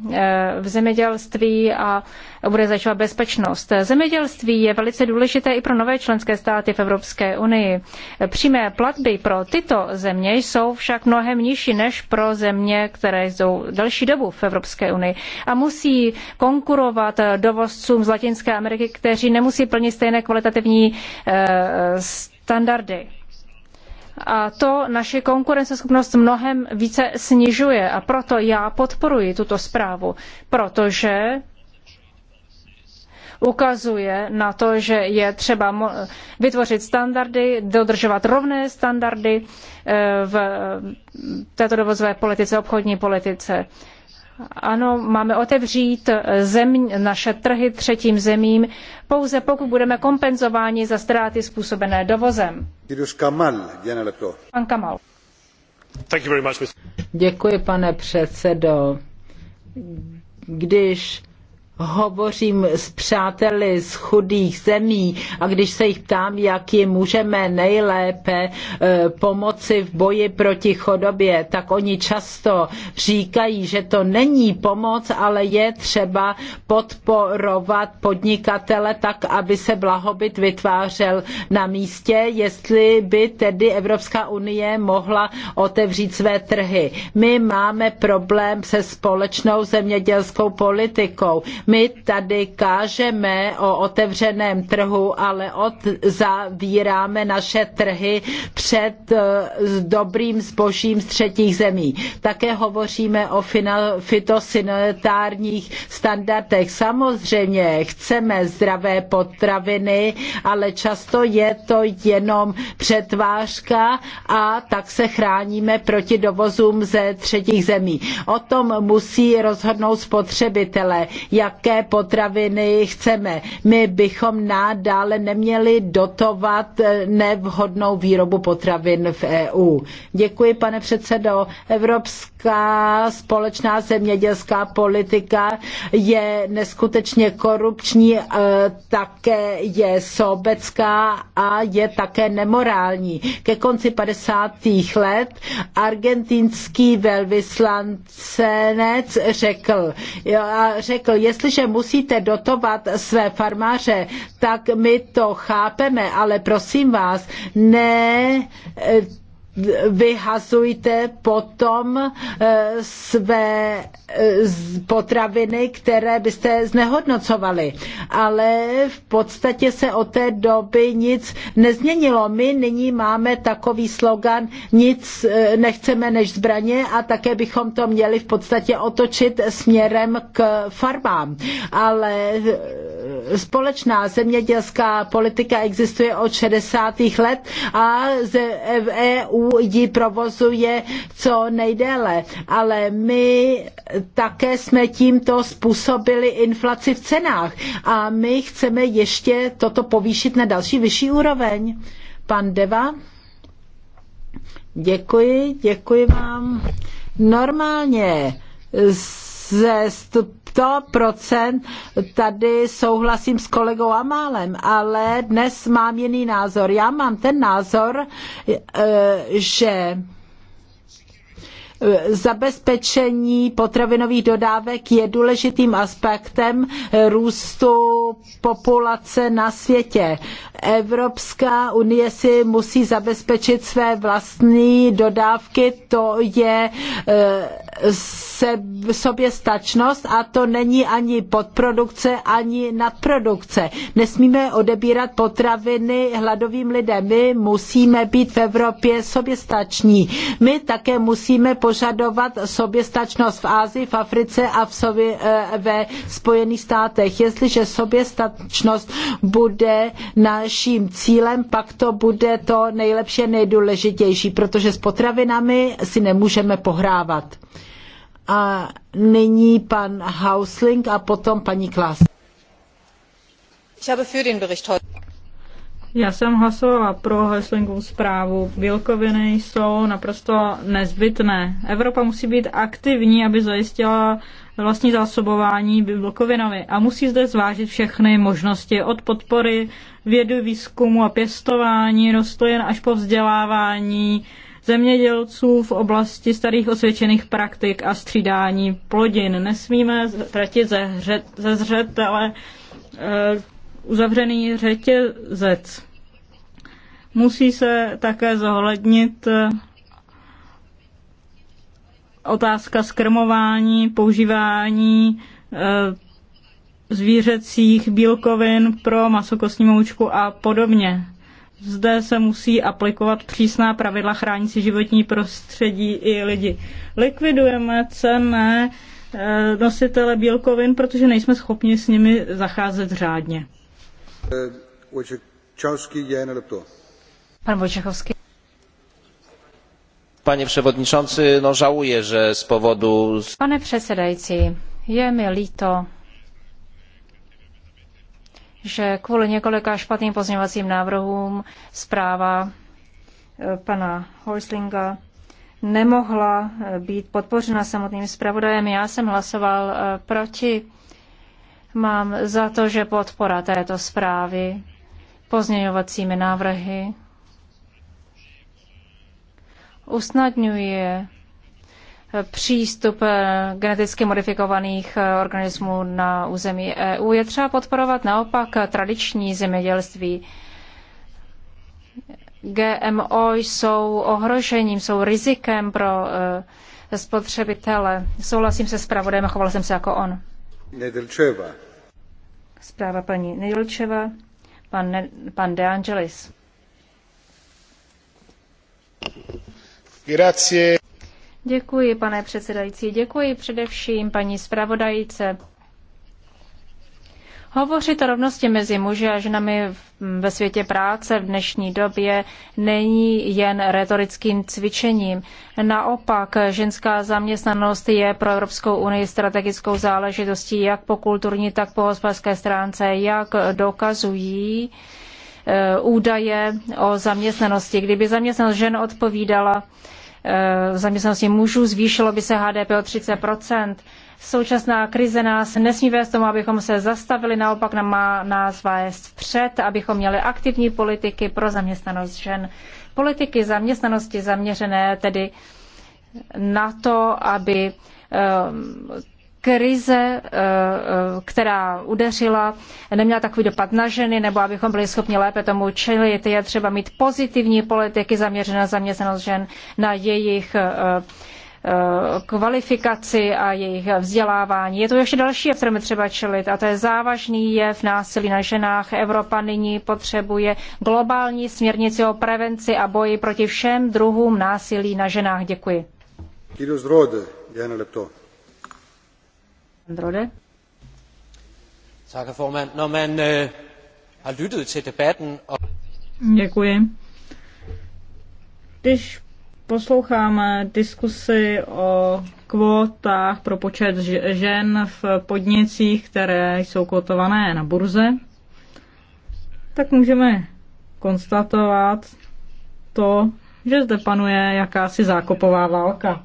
v zemědělství a bude zajišťovat bezpečnost. Zemědělství je velice důležité i pro nové členské státy v Evropské unii. Přímé platby pro tyto země jsou však mnohem nižší než pro země, které jsou další dobu v Evropské unii a musí konkurovat dovozcům z Latinské Ameriky, kteří nemusí plnit stejné kvalitativní eh, standardy. A to naši konkurenceschopnost mnohem více snižuje a proto já podporuji tuto zprávu, protože ukazuje na to, že je třeba vytvořit standardy, dodržovat rovné standardy eh, v této dovozové politice, obchodní politice. Ano, máme otevřít naše trhy třetím zemím, pouze pokud budeme kompenzováni za ztráty způsobené dovozem. Pan Kamal. Děkuji, pane předsedo. Když hovořím s přáteli z chudých zemí a když se jich ptám, jak jim můžeme nejlépe eh, pomoci v boji proti chodobě, tak oni často říkají, že to není pomoc, ale je třeba podporovat podnikatele tak, aby se blahobyt vytvářel na místě, jestli by tedy Evropská unie mohla otevřít své trhy. My máme problém se společnou zemědělskou politikou my tady kážeme o otevřeném trhu, ale zavíráme naše trhy před eh, dobrým zbožím z třetích zemí. Také hovoříme o fitosanitárních standardech. Samozřejmě chceme zdravé potraviny, ale často je to jenom přetvářka a tak se chráníme proti dovozům ze třetích zemí. O tom musí rozhodnout spotřebitelé, jak jaké potraviny chceme. My bychom nadále neměli dotovat eh, nevhodnou výrobu potravin v EU. Děkuji, pane předsedo. Evropská společná zemědělská politika je neskutečně korupční, eh, také je sobecká a je také nemorální. Ke konci 50. let argentinský velvyslanec řekl, řekl, jestli Jestliže musíte dotovat své farmáře, tak my to chápeme, ale prosím vás, ne eh, vyhazujte potom eh, své eh, potraviny, které byste znehodnocovali. Ale v podstatě se od té doby nic nezměnilo. My nyní máme takový slogan nic eh, nechceme než zbraně a také bychom to měli v podstatě otočit směrem k farmám. Ale společná zemědělská politika existuje od 60. let a v EU ji provozuje co nejdéle. Ale my také jsme tímto způsobili inflaci v cenách a my chceme ještě toto povýšit na další vyšší úroveň. Pan Deva? Děkuji, děkuji vám. Normálně z ze 100% tady souhlasím s kolegou Amálem, ale dnes mám jiný názor. Já mám ten názor, e, že e, zabezpečení potravinových dodávek je důležitým aspektem růstu populace na světě. Evropská unie si musí zabezpečit své vlastní dodávky, to je e, se, soběstačnost a to není ani podprodukce, ani nadprodukce. Nesmíme odebírat potraviny hladovým lidem. My musíme být v Evropě soběstační. My také musíme požadovat soběstačnost v Ázii, v Africe a v sobě, eh, ve Spojených státech. Jestliže soběstačnost bude naším cílem, pak to bude to nejlepší a nejdůležitější, protože s potravinami si nemůžeme pohrávat. A nyní pan Hausling a potom paní Klas. Já jsem hlasovala pro Heslingovu zprávu. Bílkoviny jsou naprosto nezbytné. Evropa musí být aktivní, aby zajistila vlastní zásobování bílkovinami a musí zde zvážit všechny možnosti od podpory vědy, výzkumu a pěstování rostlin až po vzdělávání zemědělců v oblasti starých osvědčených praktik a střídání plodin. Nesmíme ztratit ze, hře, ze zřetele e, uzavřený řetězec. Musí se také zohlednit e, otázka skrmování, používání e, zvířecích bílkovin pro masokostní moučku a podobně zde se musí aplikovat přísná pravidla chránící životní prostředí i lidi. Likvidujeme cené eh, nositele bílkovin, protože nejsme schopni s nimi zacházet řádně. Pan Wojciechowski. Panie przewodniczący, no żałuję, że z powodu... Pane předsedající, je mi líto, že kvůli několika špatným pozměňovacím návrhům zpráva eh, pana Horslinga nemohla eh, být podpořena samotným zpravodajem. Já jsem hlasoval eh, proti. Mám za to, že podpora této zprávy pozměňovacími návrhy usnadňuje přístup eh, geneticky modifikovaných eh, organismů na území EU. Je třeba podporovat naopak tradiční zemědělství. GMO jsou ohrožením, jsou rizikem pro eh, spotřebitele. Souhlasím se s pravodem a choval jsem se jako on. Nedelčeva. Zpráva paní Nedelčeva, pan, ne, pan De Angelis. Grazie. Děkuji, pane předsedající. Děkuji především paní zpravodajice. Hovořit o rovnosti mezi muži a ženami ve světě práce v dnešní době není jen retorickým cvičením. Naopak, ženská zaměstnanost je pro Evropskou unii strategickou záležitostí jak po kulturní, tak po hospodářské stránce, jak dokazují eh, údaje o zaměstnanosti. Kdyby zaměstnanost žen odpovídala zaměstnanosti mužů, zvýšilo by se HDP o 30 Současná krize nás nesmí vést tomu, abychom se zastavili, naopak nám má nás vést vpřed, abychom měli aktivní politiky pro zaměstnanost žen. Politiky zaměstnanosti zaměřené tedy na to, aby krize, eh, eh, která udeřila, neměla takový dopad na ženy, nebo abychom byli schopni lépe tomu čelit. Je třeba mít pozitivní politiky zaměřené na zaměstnanost žen, na jejich eh, kvalifikaci a jejich vzdělávání. Je to ještě další jev, kterému třeba čelit a to je závažný jev násilí na ženách. Evropa nyní potřebuje globální směrnici o prevenci a boji proti všem druhům násilí na ženách. Děkuji. Kýros Rode, Rode. Tak, formand. Når man øh, har lyttet til debatten... Og... Děkuji. Když posloucháme diskusy o kvótách pro počet žen v podnicích, které jsou kotované na burze, tak můžeme konstatovat to, že zde panuje jakási zákopová válka.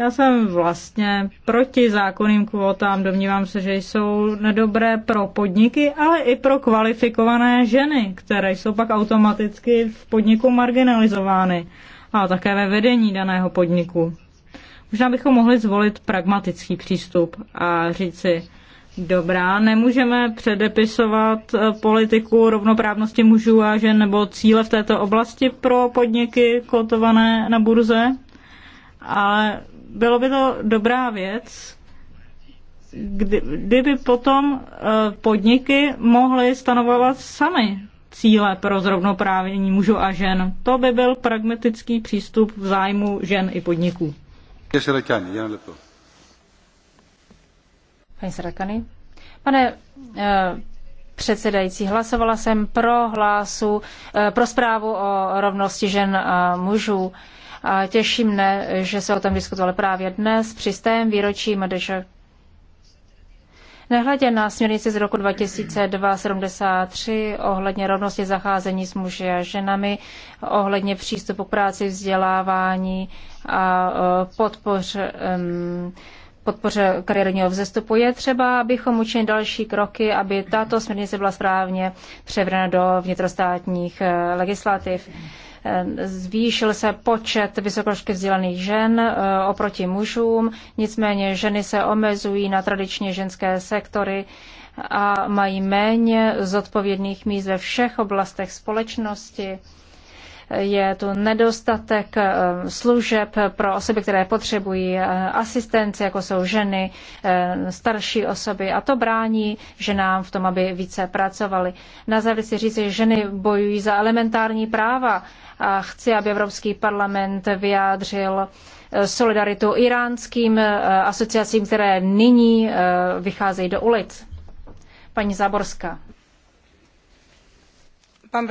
Já jsem vlastně proti zákonným kvótám, domnívám se, že jsou nedobré pro podniky, ale i pro kvalifikované ženy, které jsou pak automaticky v podniku marginalizovány a také ve vedení daného podniku. Možná bychom mohli zvolit pragmatický přístup a říci, dobrá, nemůžeme předepisovat eh, politiku rovnoprávnosti mužů a žen nebo cíle v této oblasti pro podniky kotované na burze, ale bylo by to dobrá věc, kdy, kdyby potom eh, podniky mohly stanovovat sami cíle pro zrovnoprávění mužů a žen. To by byl pragmatický přístup v zájmu žen i podniků. Paní Srakany. Pane eh, předsedající, hlasovala jsem pro hlásu, eh, pro zprávu o rovnosti žen a mužů. A těší mne, že se o tom diskutovalo právě dnes při stém výročí MDŽ. Nehledě na směrnici z roku 2002-73 ohledně rovnosti zacházení s muži a ženami, ohledně přístupu k práci, vzdělávání a e, podpoře, podpoře kariérního vzestupu, je třeba, abychom učinili další kroky, aby tato směrnice byla správně převrana do vnitrostátních e, legislativ. Zvýšil se počet vysokoškolsky vzdělaných žen eh, oproti mužům, nicméně ženy se omezují na tradičně ženské sektory a mají méně zodpovědných míst ve všech oblastech společnosti je tu nedostatek eh, služeb pro osoby, které potřebují eh, asistenci, jako jsou ženy, eh, starší osoby a to brání ženám v tom, aby více pracovali. Na závěr si říci, že ženy bojují za elementární práva a chci, aby Evropský parlament vyjádřil solidaritu iránským asociacím, které nyní vycházejí do ulic. Paní Záborská. Pan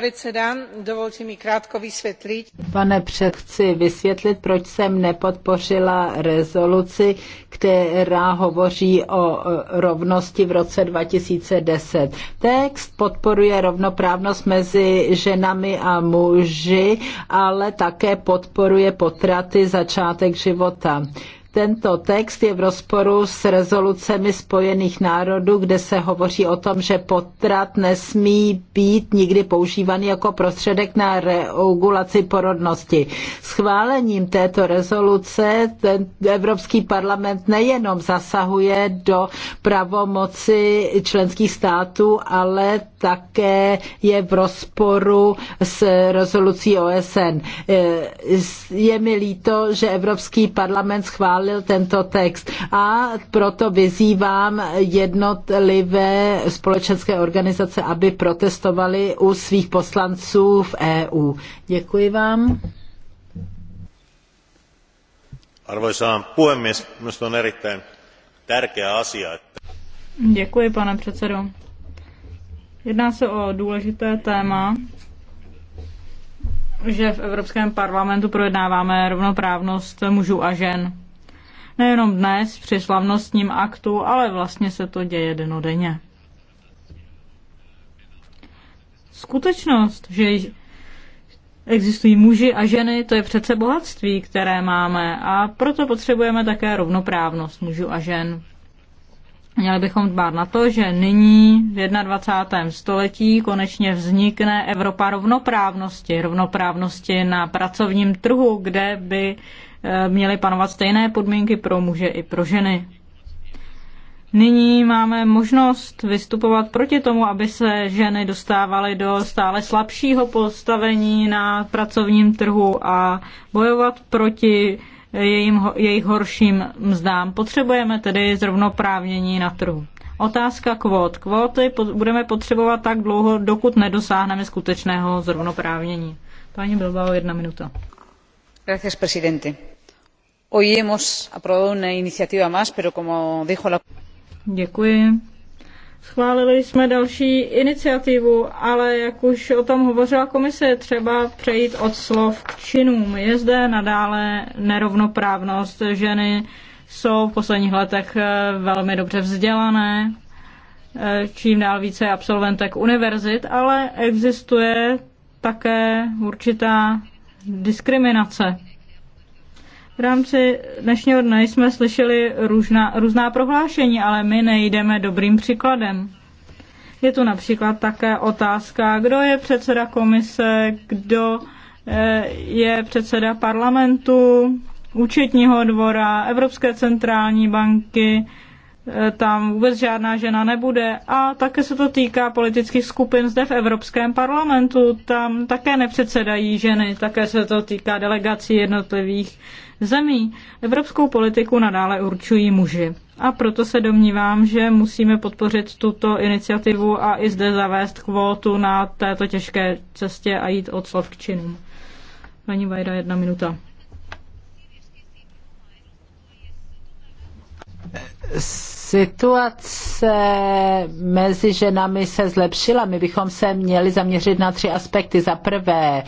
dovolte mi krátko vysvětlit. Pane před, chci vysvětlit, proč jsem nepodpořila rezoluci, která hovoří o e, rovnosti v roce 2010. Text podporuje rovnoprávnost mezi ženami a muži, ale také podporuje potraty začátek života. Tento text je v rozporu s rezolucemi Spojených národů, kde se hovoří o tom, že potrat nesmí být nikdy používaný jako prostředek na regulaci porodnosti. Schválením této rezoluce ten Evropský parlament nejenom zasahuje do pravomoci členských států, ale také je v rozporu s rezolucí OSN. Je mi líto, že Evropský parlament schválil schválil tento text. A proto vyzývám jednotlivé společenské organizace, aby protestovali u svých poslanců v EU. Děkuji vám. Arvoisa puhemies, minusta on erittäin tärkeä asia. Että... Děkuji, pane předsedo. Jedná se o důležité téma, že v Evropském parlamentu projednáváme rovnoprávnost mužů a žen nejenom dnes při slavnostním aktu, ale vlastně se to děje denodenně. Skutečnost, že existují muži a ženy, to je přece bohatství, které máme a proto potřebujeme také rovnoprávnost mužů a žen. Měli bychom dbát na to, že nyní v 21. století konečně vznikne Evropa rovnoprávnosti, rovnoprávnosti na pracovním trhu, kde by Eh, měly panovat stejné podmínky pro muže i pro ženy. Nyní máme možnost vystupovat proti tomu, aby se ženy dostávaly do stále slabšího postavení na pracovním trhu a bojovat proti jejím, jejich horším mzdám. Potřebujeme tedy zrovnoprávnění na trhu. Otázka kvót. Kvóty budeme potřebovat tak dlouho, dokud nedosáhneme skutečného zrovnoprávnění. Paní Bilbao, jedna minuta señor presidente hoy hemos aprobado una iniciativa más pero como dijo la. Děkuji. Schválili jsme další iniciativu, ale jak už o tom hovořila komise, třeba přejít od slov k činům. Je zde nadále nerovnoprávnost. Ženy jsou v posledních letech eh, velmi dobře vzdělané, eh, čím dál více absolventek univerzit, ale existuje také určitá diskriminace. V rámci dnešního dne jsme slyšeli různá, různá prohlášení, ale my nejdeme dobrým příkladem. Je tu například také otázka, kdo je předseda komise, kdo eh, je předseda parlamentu, účetního dvora, Evropské centrální banky, Eh, tam vůbec žádná žena nebude. A také se to týká politických skupin zde v Evropském parlamentu, tam také nepředsedají ženy, také se to týká delegací jednotlivých zemí. Evropskou politiku nadále určují muži. A proto se domnívám, že musíme podpořit tuto iniciativu a i zde zavést kvótu na této těžké cestě a jít od slov k činům. Paní Vajda, jedna minuta. S Situace mezi ženami se zlepšila. My bychom se měli zaměřit na tři aspekty. Za prvé,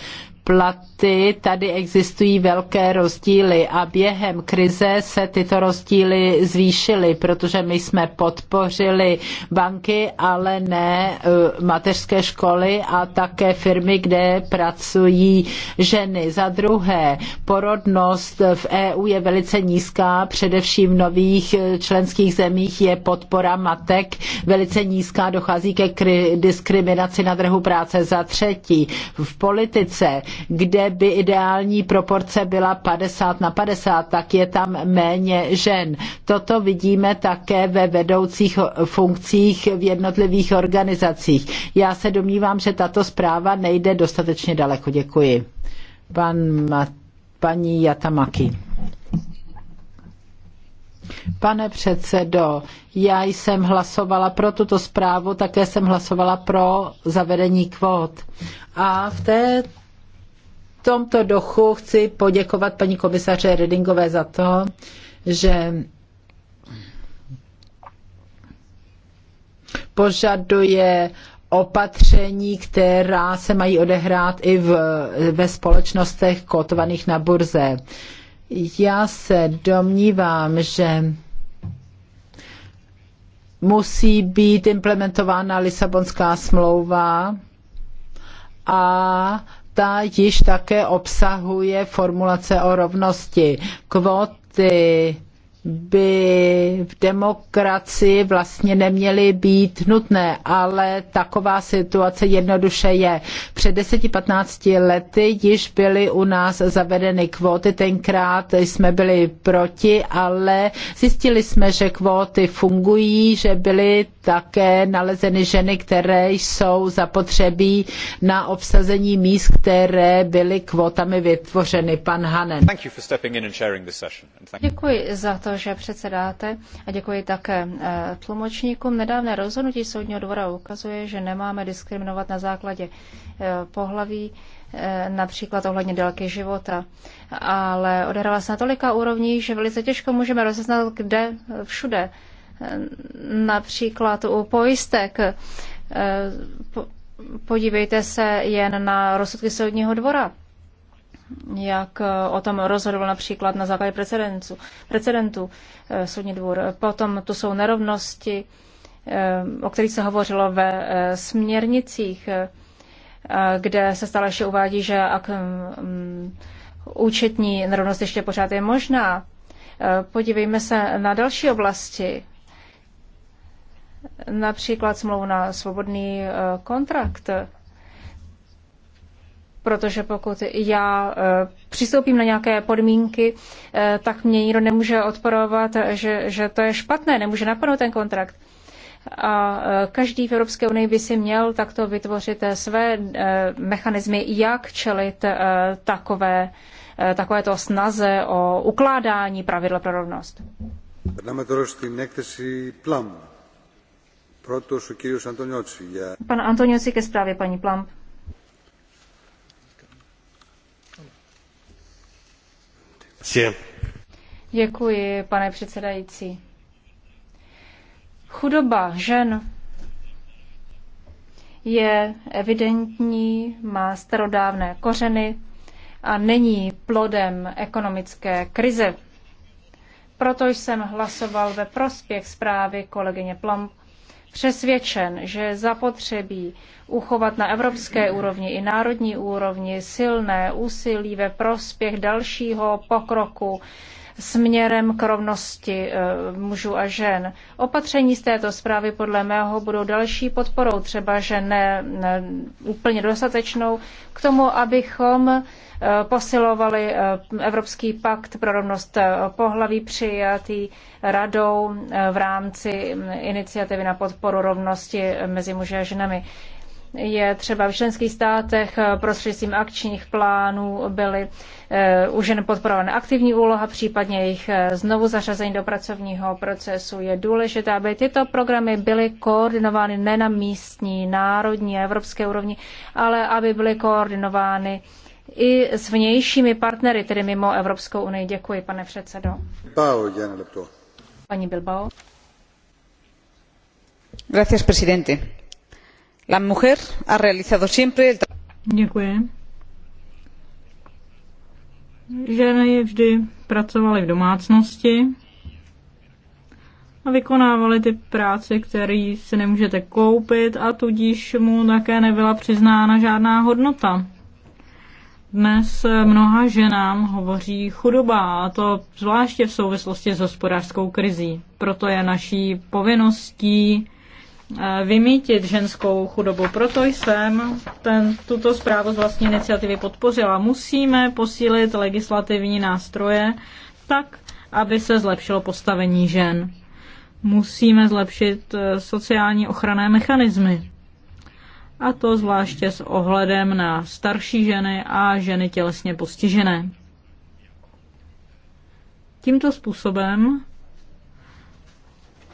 platy, tady existují velké rozdíly a během krize se tyto rozdíly zvýšily, protože my jsme podpořili banky, ale ne eh, mateřské školy a také firmy, kde pracují ženy. Za druhé, porodnost v EU je velice nízká, především v nových eh, členských zemích je podpora matek velice nízká, dochází ke diskriminaci na trhu práce. Za třetí, v politice kde by ideální proporce byla 50 na 50, tak je tam méně žen. Toto vidíme také ve vedoucích funkcích v jednotlivých organizacích. Já se domnívám, že tato zpráva nejde dostatečně daleko. Děkuji. Pan, paní Jatamaki. Pane předsedo, já jsem hlasovala pro tuto zprávu, také jsem hlasovala pro zavedení kvót. A v té tomto dochu chci poděkovat paní komisaře Redingové za to, že požaduje opatření, která se mají odehrát i v, ve společnostech kotovaných na burze. Já se domnívám, že musí být implementována Lisabonská smlouva a ta již také obsahuje formulace o rovnosti. Kvóty by v demokracii vlastně neměly být nutné, ale taková situace jednoduše je. Před 10-15 lety již byly u nás zavedeny kvóty, tenkrát jsme byli proti, ale zjistili jsme, že kvóty fungují, že byly také nalezeny ženy, které jsou zapotřebí na obsazení míst, které byly kvótami vytvořeny. Pan Hanen. Děkuji za to, to, že předsedáte a děkuji také eh, tlumočníkům. Nedávné rozhodnutí Soudního dvora ukazuje, že nemáme diskriminovat na základě eh, pohlaví, eh, například ohledně délky života. Ale odehrává se na tolika úrovní, že velice těžko můžeme rozeznat, kde všude. Například u pojistek. Podívejte se jen na rozsudky Soudního dvora jak eh, o tom rozhodoval například na základě precedentu, precedentu eh, soudní dvůr. Potom tu jsou nerovnosti, eh, o kterých se hovořilo ve směrnicích, kde se stále ještě uvádí, že ak, um, účetní nerovnost ještě pořád je možná. Podívejme se na další oblasti, například smlouvu na svobodný kontrakt protože pokud já e, přistoupím na nějaké podmínky, e, tak mě nikdo nemůže odporovat, že, že to je špatné, nemůže napadnout ten kontrakt. A e, každý v Evropské unii by si měl takto vytvořit své mechanismy, jak čelit takové, takovéto snaze o ukládání pravidla pro rovnost. Pan Antonioci ke zprávě paní Plump. Děkuji, pane předsedající. Chudoba žen je evidentní, má starodávné kořeny a není plodem ekonomické krize. Proto jsem hlasoval ve prospěch zprávy kolegyně Plump přesvědčen, že zapotřebí uchovat na evropské úrovni i národní úrovni silné úsilí ve prospěch dalšího pokroku směrem k rovnosti eh, mužů a žen. Opatření z této zprávy podle mého budou další podporou, třeba že ne, ne úplně dostatečnou, k tomu, abychom eh, posilovali eh, Evropský pakt pro rovnost pohlaví přijatý radou v rámci mm, iniciativy na podporu rovnosti mezi muži a ženami je třeba v členských státech eh, prostřednictvím akčních plánů byly eh, už jen podporované aktivní úloha, případně jejich eh, znovu zařazení do pracovního procesu. Je důležité, aby tyto programy byly koordinovány ne na místní, národní a evropské úrovni, ale aby byly koordinovány i s vnějšími partnery, tedy mimo Evropskou unii. Děkuji, pane předsedo. Paní Bilbao. Gracias, presidente La mujer ha realizado siempre el Děkuji. Ženy vždy pracovaly v domácnosti a vykonávaly ty práce, které si nemůžete koupit a tudíž mu také nebyla přiznána žádná hodnota. Dnes mnoha ženám hovoří chudoba, a to zvláště v souvislosti s hospodářskou krizí. Proto je naší povinností Eh, vymítit ženskou chudobu. Proto jsem ten, tuto zprávu z vlastní iniciativy podpořila. Musíme posílit legislativní nástroje tak, aby se zlepšilo postavení žen. Musíme zlepšit eh, sociální ochranné mechanismy. A to zvláště s ohledem na starší ženy a ženy tělesně postižené. Tímto způsobem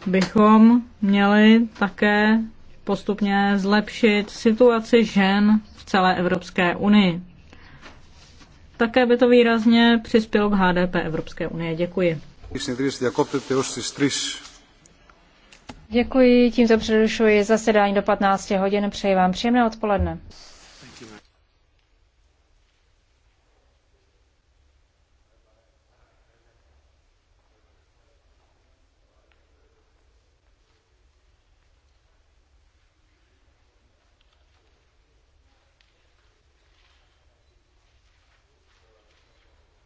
bychom měli také postupně zlepšit situaci žen v celé Evropské unii. Také by to výrazně přispělo k HDP Evropské unie. Děkuji. Děkuji, tímto přerušuji zasedání do 15 hodin. Přeji vám příjemné odpoledne.